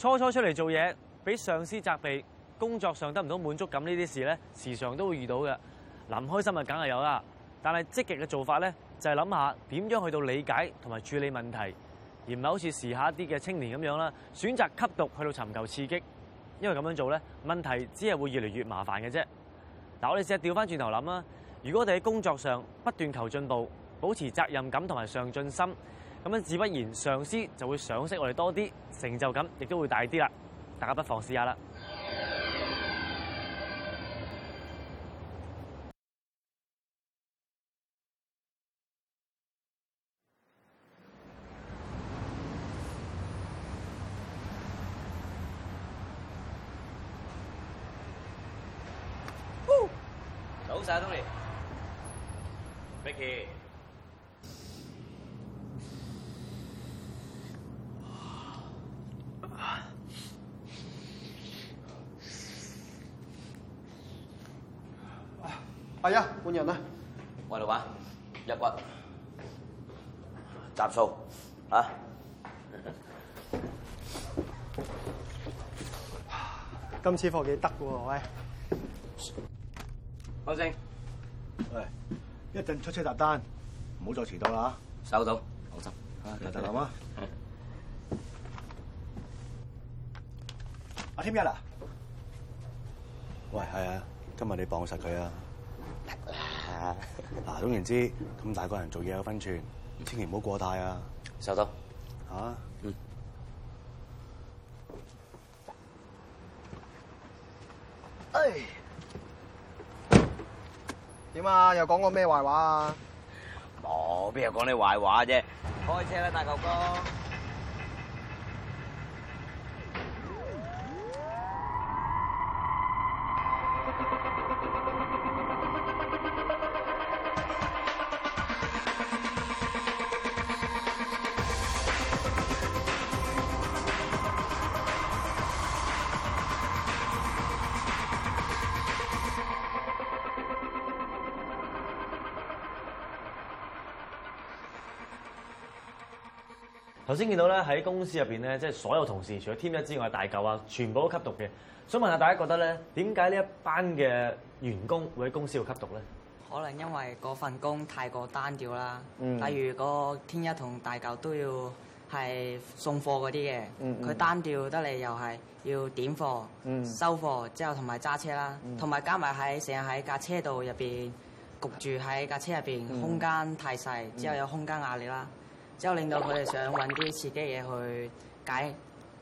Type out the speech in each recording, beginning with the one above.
初初出嚟做嘢，俾上司責備，工作上得唔到滿足感呢啲事咧，時常都會遇到嘅。唔開心啊，梗係有啦。但係積極嘅做法咧，就係諗下點樣去到理解同埋處理問題，而唔係好似時下一啲嘅青年咁樣啦，選擇吸毒去到尋求刺激，因為咁樣做咧，問題只係會越嚟越麻煩嘅啫。但我哋試下調翻轉頭諗啦，如果我哋喺工作上不斷求進步，保持責任感同埋上進心，咁樣自不然上司就會賞識我哋多啲。成就感亦都會大啲啦，大家不妨試下啦。好，早晨，兄弟。Mickey。係、哎、啊，換人啦！我嚟玩，一骨集數啊！今次貨幾得嘅喎，喂！阿正聲，喂，一陣出車搭單，唔好再遲到啦！收到，放心。阿特林啊，阿添、啊嗯啊、一啊，喂，係啊，今日你綁實佢啊！嗱、啊，總言之，咁大個人做嘢有分寸，千祈唔好過大啊！收到。嚇、啊？嗯。哎，點啊？又講過咩壞話啊？冇，邊有講你壞話啫！開車啦，大舅哥。頭先見到咧，喺公司入邊咧，即係所有同事，除咗天一之外，大舊啊，全部都吸毒嘅。想問下大家覺得咧，點解呢一班嘅員工會喺公司度吸毒咧？可能因為嗰份工太過單調啦、嗯嗯。嗯。例如個天一同大舊都要係送貨嗰啲嘅。佢單調得嚟又係要點貨、嗯、收貨，之後同埋揸車啦，同埋、嗯、加埋喺成日喺架車度入邊焗住喺架車入邊，嗯、空間太細，之後有空間壓力啦。之後令到佢哋想搵啲刺激嘢去解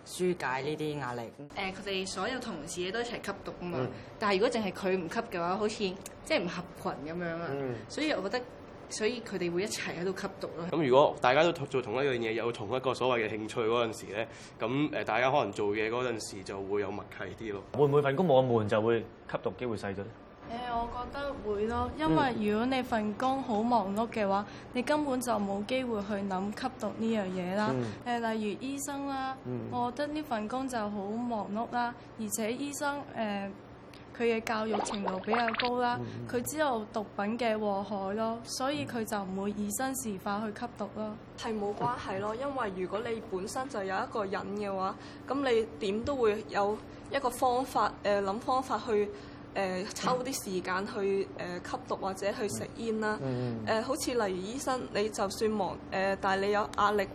紓解呢啲壓力。誒，佢哋所有同事都一齊吸毒啊嘛。嗯、但係如果淨係佢唔吸嘅話，好似即係唔合群咁樣啊。嗯、所以我覺得，所以佢哋會一齊喺度吸毒咯。咁如果大家都做同一樣嘢，有同一個所謂嘅興趣嗰陣時咧，咁誒大家可能做嘢嗰陣時就會有默契啲咯。會唔會份工冇咁悶，就會吸毒機會細咗？誒、呃，我覺得會咯，因為如果你份工好忙碌嘅話，嗯、你根本就冇機會去諗吸毒呢樣嘢啦。誒、嗯呃，例如醫生啦，嗯、我覺得呢份工就好忙碌啦，而且醫生誒，佢、呃、嘅教育程度比較高啦，佢、嗯、知道毒品嘅禍害咯，所以佢就唔會以身試法去吸毒咯。係冇關係咯，因為如果你本身就有一個人嘅話，咁你點都會有一個方法誒，諗、呃、方法去。誒、呃、抽啲時間去誒、呃、吸毒或者去食煙啦。誒、嗯呃、好似例如醫生，你就算忙誒、呃，但係你有壓力，誒、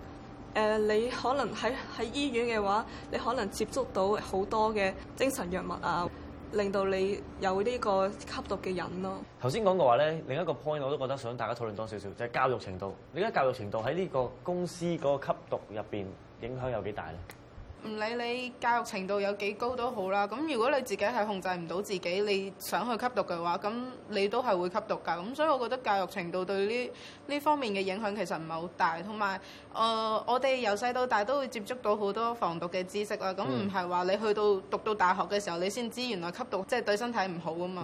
呃、你可能喺喺醫院嘅話，你可能接觸到好多嘅精神藥物啊，令到你有呢個吸毒嘅癮咯。頭先講嘅話咧，另一個 point 我都覺得想大家討論多少少，就係、是、教育程度。你覺得教育程度喺呢個公司嗰個吸毒入邊影響有幾大咧？唔理你教育程度有幾高都好啦，咁如果你自己係控制唔到自己，你想去吸毒嘅話，咁你都係會吸毒㗎。咁所以我覺得教育程度對呢呢方面嘅影響其實唔係好大。同埋，誒、呃、我哋由細到大都會接觸到好多防毒嘅知識啦。咁唔係話你去到讀到大學嘅時候，你先知原來吸毒即係、就是、對身體唔好啊嘛。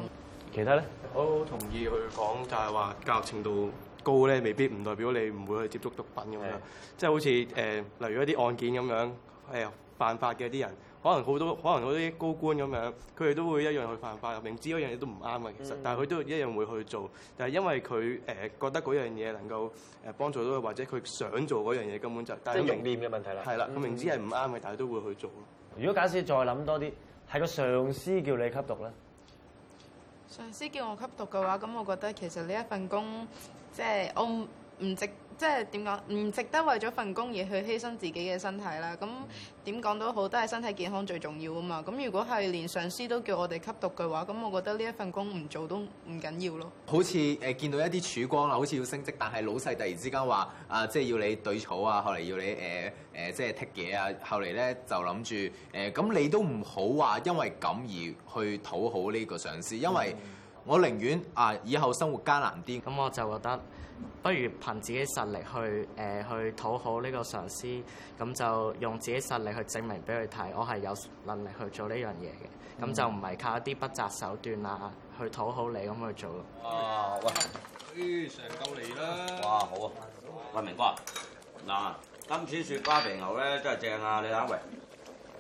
其他咧，我好同意佢講，就係話教育程度高咧，未必唔代表你唔會去接觸毒品咁樣。即係的好似誒、呃，例如一啲案件咁樣，誒、哎。犯法嘅啲人，可能好多，可能嗰啲高官咁樣，佢哋都會一樣去犯法，明知嗰樣嘢都唔啱嘅，其實，嗯、但係佢都一樣會去做。但係因為佢誒、呃、覺得嗰樣嘢能夠誒幫助到，佢，或者佢想做嗰樣嘢，根本就即係容面嘅問題啦。係啦明，佢、嗯、明知係唔啱嘅，但係都會去做。如果假設再諗多啲，係個上司叫你吸毒呢？上司叫我吸毒嘅話，咁我覺得其實呢一份工即係、就是、我唔值。即係點講？唔值得為咗份工而去犧牲自己嘅身體啦。咁點講都好，都係身體健康最重要啊嘛。咁如果係連上司都叫我哋吸毒嘅話，咁我覺得呢一份工唔做都唔緊要咯。好似誒、呃、見到一啲曙光啊，好似要升職，但係老細突然之間話啊、呃，即係要你對草啊，後嚟要你誒誒、呃呃、即係剔嘢啊，後嚟咧就諗住誒，咁、呃、你都唔好話因為咁而去討好呢個上司，因為我寧願啊、呃、以後生活艱難啲，咁我就覺得。嗯不如憑自己實力去誒、呃、去討好呢個上司，咁就用自己實力去證明俾佢睇，我係有能力去做呢、嗯、樣嘢嘅，咁就唔係靠一啲不擇手段啊去討好你咁去做咯。哇、啊、喂，咦、哎，成嚿嚟啦！哇好啊，喂，明哥嗱、啊，今次雪花肥牛咧真係正啊！你睇下喂，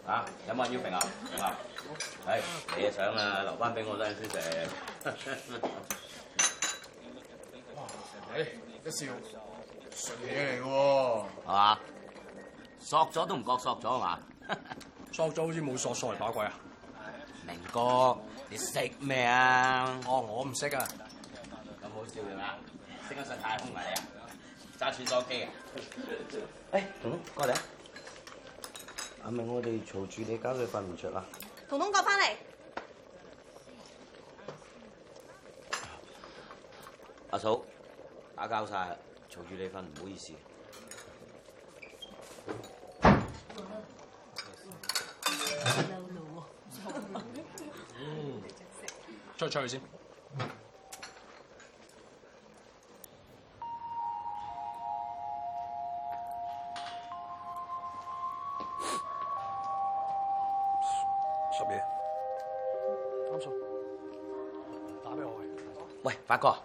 啊有冇人要肥啊？係、啊哎，你嘅想啊，留翻俾我先食。 哎，而笑，神嘢嚟嘅喎，係嘛、啊？索咗都唔覺索咗，係嘛？ 索咗好似冇索索嚟把鬼啊！明哥，你識咩、哦、啊？我我唔識啊。咁好笑係嘛？識得上太空啊你？啊！揸住手機啊！啊啊哎，彤彤過嚟啊，啊！係咪我哋嘈住你搞佢瞓唔着啊？彤彤過翻嚟，阿嫂。打交晒，嘈住你瞓，唔好意思。 出去出去先。收屘。啱數。宿打俾我。喂，八哥。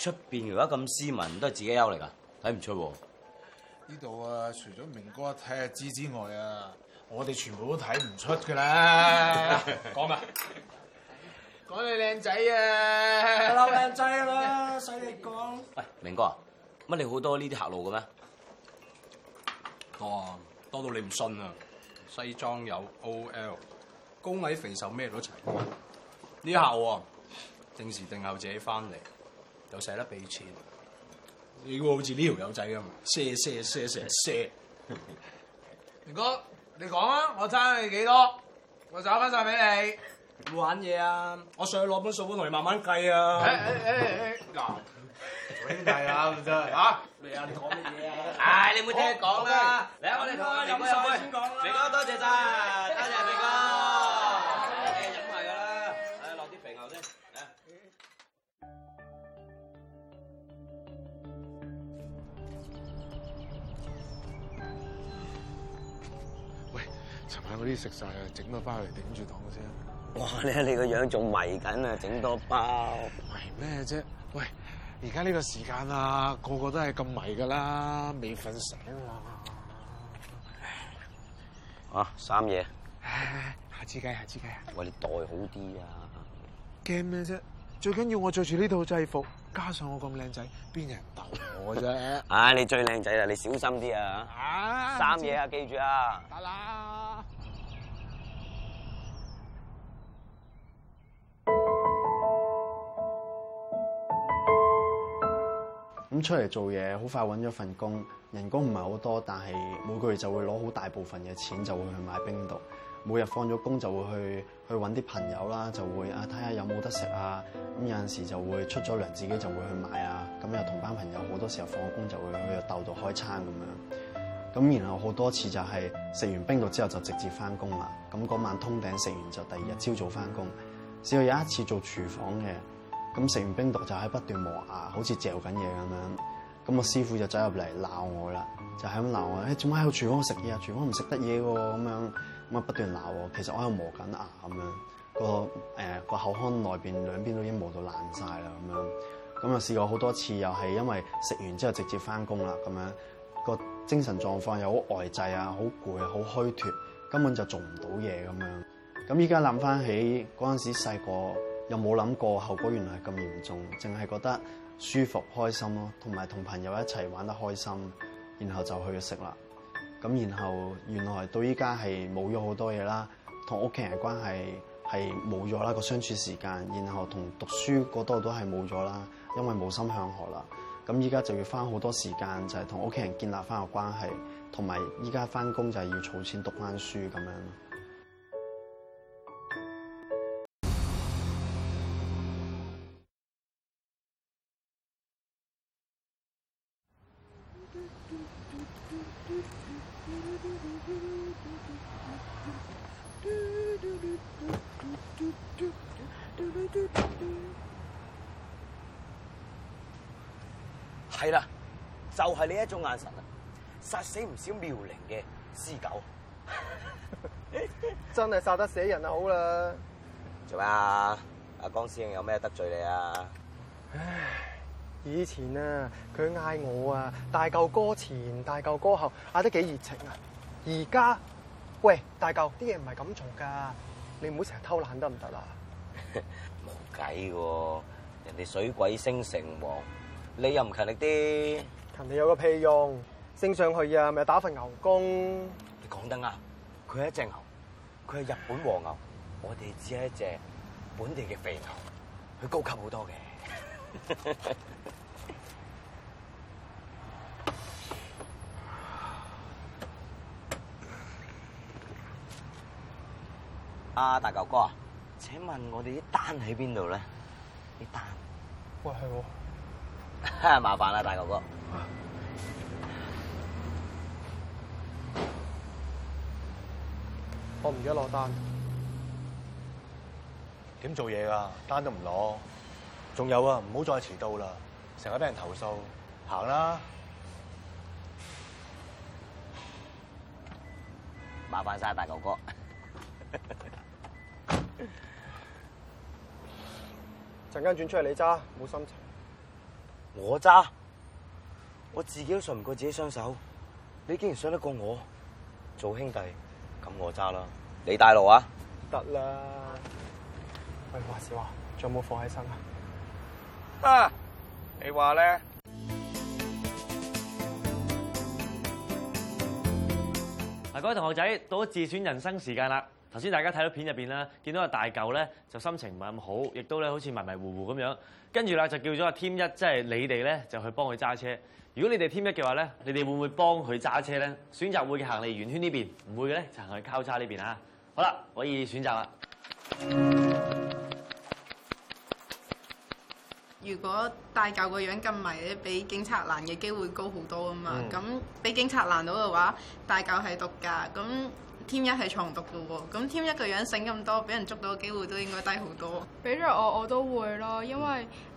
出面如果咁斯文，都係自己優嚟㗎，睇唔出喎。呢度啊，除咗明哥睇下知之外啊，我哋全部都睇唔出㗎啦。講啊，講你靚仔啊，拉靚仔啦，使你講。明哥，乜你好多呢啲客路嘅咩？多啊，多到你唔信啊！西裝有 OL，高矮肥瘦咩都齊。呢下喎，定時定候自己翻嚟。又捨得俾錢，你個好似呢條友仔咁，蝕蝕蝕蝕蝕。明哥，你講啊，我爭你幾多，我找翻曬俾你。冇玩嘢啊，我上去攞本數本同你慢慢計啊。誒誒誒誒，嗱，兄弟啊，真係嚇。咩啊？你講乜嘢啊？唉，你冇聽佢講啦。嚟啊！我哋同我飲啊！明哥，多謝曬，多謝。嗰啲食晒啊，整多包嚟頂住檔先。哇！ 你你個樣仲迷緊啊，整多，多包為咩啫？喂，而家呢個時間啊，個個都係咁迷噶啦，未瞓醒啊！啊，三爺，息一下次計下次計喂啊！喂你袋好啲啊！驚咩啫？最緊要我着住呢套制服，加上我咁靚仔，邊人鬥我啫？唉、 啊，你最靚仔啦，你小心啲啊，啊，啊，啊！啊，三爺啊，記住啊！得啦。出嚟做嘢，好快揾咗份工，人工唔係好多，但係每個月就會攞好大部分嘅錢，就會去買冰毒。每日放咗工就會去去揾啲朋友啦，就會啊睇下有冇得食啊。咁有陣時就會出咗糧自己就會去買啊。咁又同班朋友好多時候放工就會去豆度開餐咁樣。咁然後好多次就係食完冰毒之後就直接翻工啦。咁嗰晚通頂食完就第二日朝早翻工。只有有一次做廚房嘅。咁食完冰毒就喺不斷磨牙，好似嚼緊嘢咁樣。咁我師傅就走入嚟鬧我啦，就係咁鬧我，誒做乜喺個廚房食嘢啊？廚房唔食得嘢喎咁樣。咁啊不斷鬧我，其實我喺度磨緊牙咁樣。個誒個、呃、口腔內邊兩邊都已經磨到爛晒啦咁樣。咁啊試過好多次，又係因為食完之後直接翻工啦咁樣。個精神狀況又好呆滯啊，好攰，好虛脱，根本就做唔到嘢咁樣。咁依家諗翻起嗰陣時細個。又冇諗過後果原來係咁嚴重，淨係覺得舒服、開心咯，同埋同朋友一齊玩得開心，然後就去食啦。咁然後原來到依家係冇咗好多嘢啦，同屋企人嘅關係係冇咗啦個相處時間，然後同讀書嗰度都係冇咗啦，因為冇心向學啦。咁依家就要花好多時間就係同屋企人建立翻個關係，同埋依家翻工就係要儲錢讀翻書咁樣。係啦，就係、是、呢一種眼神啊，殺死唔少妙齡嘅獅狗， 真係殺得死人啊！好啦，做咩啊？阿江師兄有咩得罪你啊？唉，以前啊，佢嗌我啊，大嚿歌前，大嚿歌後，嗌得幾熱情啊！而家，喂大舊啲嘢唔係咁做噶，你唔好成日偷懶得唔得啦？冇計嘅，人哋水鬼升城王，啊，你又唔勤力啲？勤力有個屁用？升上去啊，咪打份牛工？你講得啱，佢係一隻牛，佢係日本和牛，我哋只係一隻本地嘅肥牛，佢高級好多嘅。 啊，大舅哥，請問我哋啲單喺邊度咧？啲單，喂係喎， 麻煩啦大舅哥，哥，啊、我唔記得攞單，點做嘢㗎？單都唔攞，仲有啊，唔好再遲到啦，成日俾人投訴，行啦，麻煩晒大舅哥，哥。陣間轉出嚟你揸，冇心情。我揸，我自己都信唔過自己雙手，你竟然想得過我？做兄弟，咁我揸啦。你帶路啊？得啦。喂，話事話，仲有冇放喺身啊？啊？你話咧？嗱，各位同學仔，到咗自選人生時間啦。頭先大家睇到片入邊啦，見到個大舊咧就心情唔係咁好，亦都咧好似迷迷糊糊咁樣。跟住啦就叫咗阿添一，即、就、係、是、你哋咧就去幫佢揸車。如果你哋添一嘅話咧，你哋會唔會幫佢揸車咧？選擇會嘅行嚟圓圈呢邊，唔會嘅咧就行去交叉呢邊啊。好啦，可以選擇啦。如果大舊個樣咁迷咧，俾警察攔嘅機會高好多啊嘛。咁俾、嗯、警察攔到嘅話，大舊係毒噶。咁添一係藏毒嘅喎、哦，咁添一個樣醒咁多，俾人捉到嘅機會都應該低好多。俾咗我我都會咯，因為誒、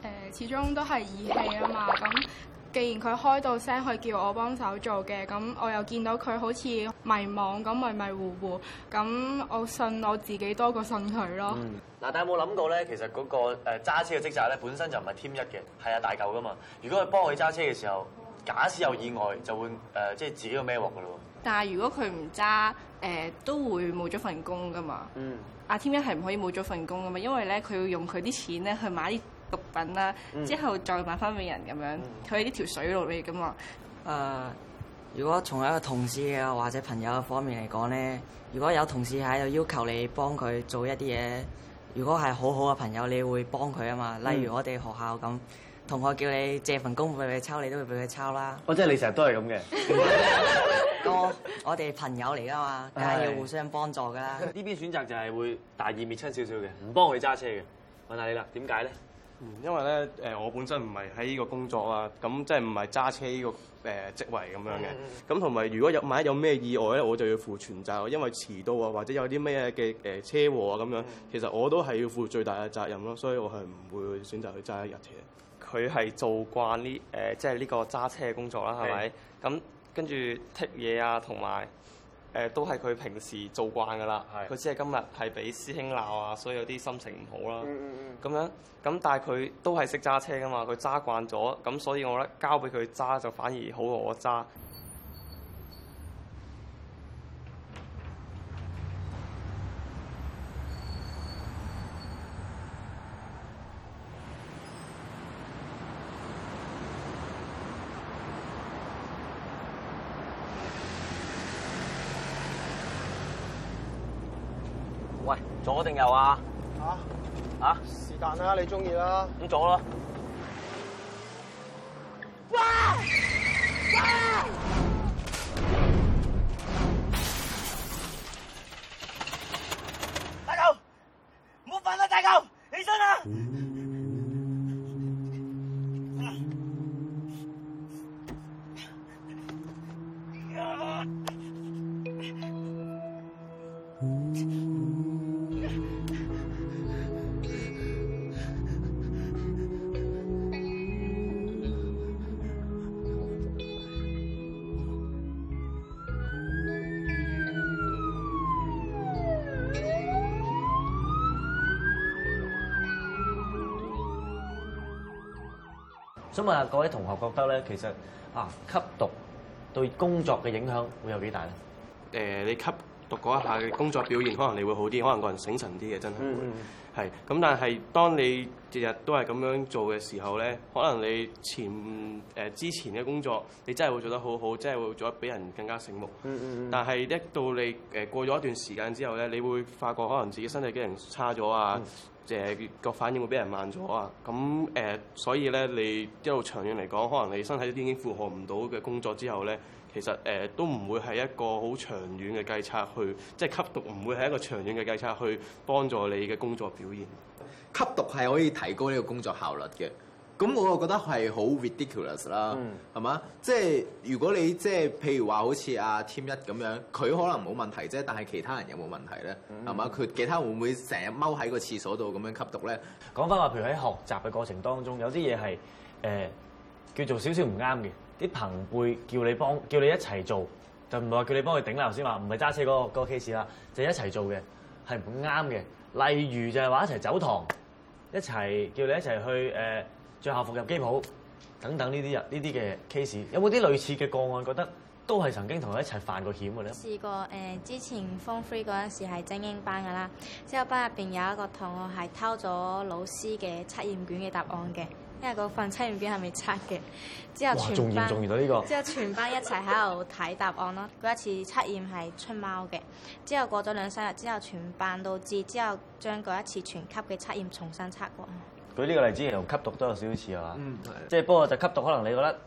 呃、始終都係義氣啊嘛。咁既然佢開到聲去叫我幫手做嘅，咁我又見到佢好似迷惘咁迷迷糊糊，咁我信我自己多過信佢咯。嗱、嗯，但有冇諗過咧？其實嗰、那個揸車嘅職責咧本身就唔係添一嘅，係啊大舊噶嘛。如果佢幫佢揸車嘅時候，假使有意外，就會誒、呃、即係自己要孭鑊嘅嘞喎。但係如果佢唔揸，誒、呃、都會冇咗份工噶嘛。阿 Tim、嗯啊、一係唔可以冇咗份工噶嘛，因為咧佢要用佢啲錢咧去買啲毒品啦，嗯、之後再買翻俾人咁樣，佢喺呢條水路嚟噶嘛。誒、呃，如果從一個同事啊或者朋友嘅方面嚟講咧，如果有同事喺度要求你幫佢做一啲嘢，如果係好好嘅朋友，你會幫佢啊嘛。例如我哋學校咁、嗯。同學叫你借份功課俾佢抄，你都會俾佢抄啦。哦，即係你成日都係咁嘅。 哥，我哋朋友嚟噶嘛，梗係要互相幫助噶啦。呢邊選擇就係會大義滅親少少嘅，唔幫佢揸車嘅。問下你啦，點解咧？嗯，因為咧誒，我本身唔係喺呢個工作啊，咁即係唔係揸車呢個誒職位咁樣嘅。咁同埋如果有萬一有咩意外咧，我就要負全責。因為遲到啊，或者有啲咩嘅誒車禍啊咁樣，其實我都係要負最大嘅責任咯。所以我係唔會選擇去揸一日車。佢係做慣呢誒、呃，即係呢個揸車嘅工作啦，係咪的？咁跟住剔嘢啊，同埋誒都係佢平時做慣噶啦。佢的只係今日係俾師兄鬧啊，所以有啲心情唔好啦，啊。咁、嗯嗯嗯、樣咁，但係佢都係識揸車噶嘛，佢揸慣咗，咁所以我覺得交俾佢揸就反而好過我揸。左定右啊？啊？嚇？是但啦，你中意啦。咁左咯。大牛，唔好瞓啦！大牛，起身啦！啊！嗯想問下各位同學覺得咧，其實啊吸毒對工作嘅影響會有幾大咧？誒、呃，你吸毒嗰一下嘅工作表現，可能你會好啲，可能個人醒神啲嘅，真係會係。咁但係當你日日都係咁樣做嘅時候咧，可能你前誒、呃、之前嘅工作，你真係會做得好好，真係會做得比人更加醒目、嗯。嗯嗯，但係一到你誒過咗一段時間之後咧，你會發覺可能自己身體機能差咗啊。嗯嗯。誒個反應會俾人慢咗啊！咁誒、呃，所以咧，你一路長遠嚟講，可能你身體已經負荷唔到嘅工作之後咧，其實誒、呃、都唔會係一個好長遠嘅計策去，即係吸毒唔會係一個長遠嘅計策去幫助你嘅工作表現。吸毒係可以提高呢個工作效率嘅。咁我又覺得係好 ridiculous 啦，係嘛、嗯？即係如果你即係譬如話、啊，好似阿 Team 一咁樣，佢可能冇問題啫。但係其他人有冇問題咧？係嘛、嗯？佢其他人會唔會成日踎喺個廁所度咁樣吸毒咧？講翻話，譬如喺學習嘅過程當中，有啲嘢係誒叫做少少唔啱嘅。啲朋輩叫你幫叫你一齊做，就唔係話叫你幫佢頂啦。頭先話唔係揸車嗰、嗰個 case 啦，就係、一齊做嘅係唔啱嘅。例如就係話一齊走堂，一齊叫你一齊去誒。呃最後服務機鋪等等呢啲日呢啲嘅 case，有冇啲類似嘅個案？覺得都係曾經同佢一齊犯過險嘅咧。試過誒、呃，之前 Form Three 嗰陣時係精英班㗎喇，之後班入邊有一個同學係偷咗老師嘅測驗卷嘅答案嘅，因為嗰份測驗卷係未測嘅，之後全班，仲嚴重到呢個、之後全班一齊喺度睇答案咯。嗰 一次測驗係出貓嘅，之後過咗兩三日之後，全班都知，之後將嗰一次全級嘅測驗重新測過。舉呢個例子，其實同吸毒都有少少似嚇，嗯，即係不過就吸毒可能你覺得誒、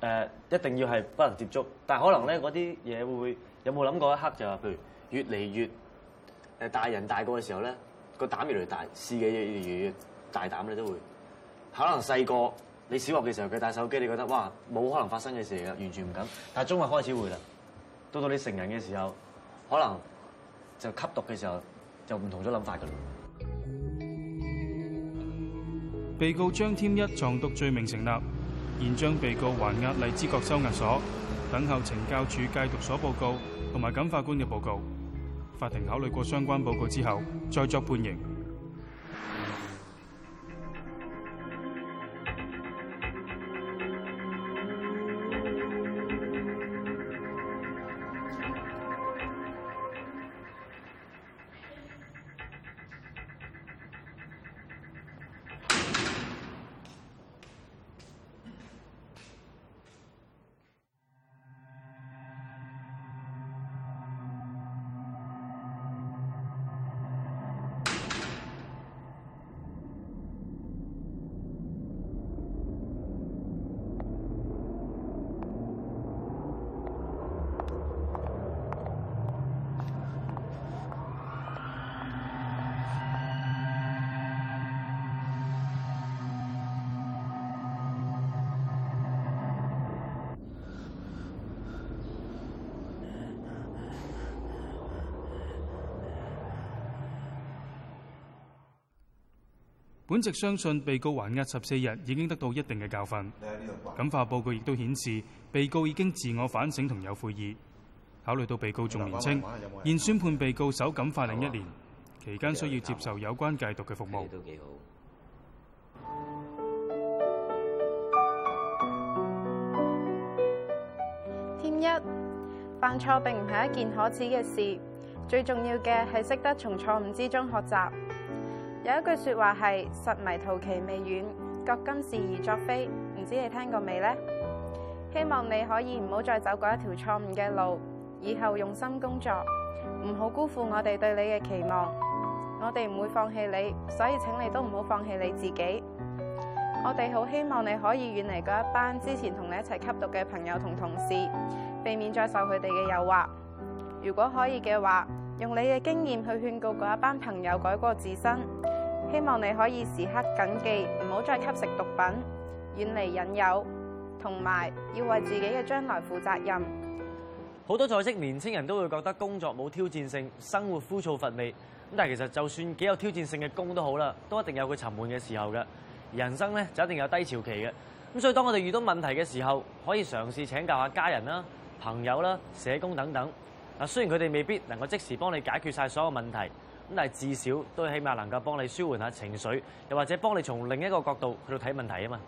呃、一定要係不能接觸，但係可能咧嗰啲嘢會會有冇諗過一刻就話，譬如越嚟越誒、呃、大人大個嘅時候咧，個膽越嚟越大，試嘅嘢越嚟越、越大膽，你都會可能，細個你小學嘅時候佢帶手機，你覺得哇冇可能發生嘅事嚟㗎，完全唔敢，但係中學開始會啦，到到你成人嘅時候，可能就吸毒嘅時候就唔同咗諗法㗎啦。被告張添一藏毒罪名成立，現將被告還押荔枝角收押所，等候懲教署戒毒所報告同埋感化官嘅報告。法庭考慮過相關報告之後，再作判刑。本席相信被告還押十四日已經得到一定嘅教訓，感化報告亦都顯示被告已經自我反省同有悔意。考慮到被告仲年青，現宣判被告守感化令一年，期間需要接受有關戒毒嘅服務。添一犯錯並唔係一件可恥嘅事，最重要嘅係識得從錯誤之中學習。有一句說話係實迷途其未遠，覺今是而昨非，唔知你聽過未呢？希望你可以唔好再走過一條錯誤嘅路，以後用心工作，唔好辜負我哋對你嘅期望。我哋唔會放棄你，所以請你都唔好放棄你自己。我哋好希望你可以遠離嗰一班之前同你一齊吸毒嘅朋友同同事，避免再受佢哋嘅誘惑。如果可以嘅話。用你嘅經驗去勸告嗰一班朋友改過自新，希望你可以時刻謹記，唔好再吸食毒品，遠離引誘，同埋要為自己嘅將來負責任。好多在職年輕人都會覺得工作冇挑戰性，生活枯燥乏味。咁但係其實就算幾有挑戰性嘅工都好啦，都一定有佢沉悶嘅時候嘅。人生咧就一定有低潮期嘅。咁所以當我哋遇到問題嘅時候，可以嘗試請教下家人啦、朋友啦、社工等等。嗱，雖然佢哋未必能夠即時幫你解決曬所有問題，但至少都起碼能夠幫你舒緩下情緒，又或者幫你從另一個角度去睇問題吖嘛。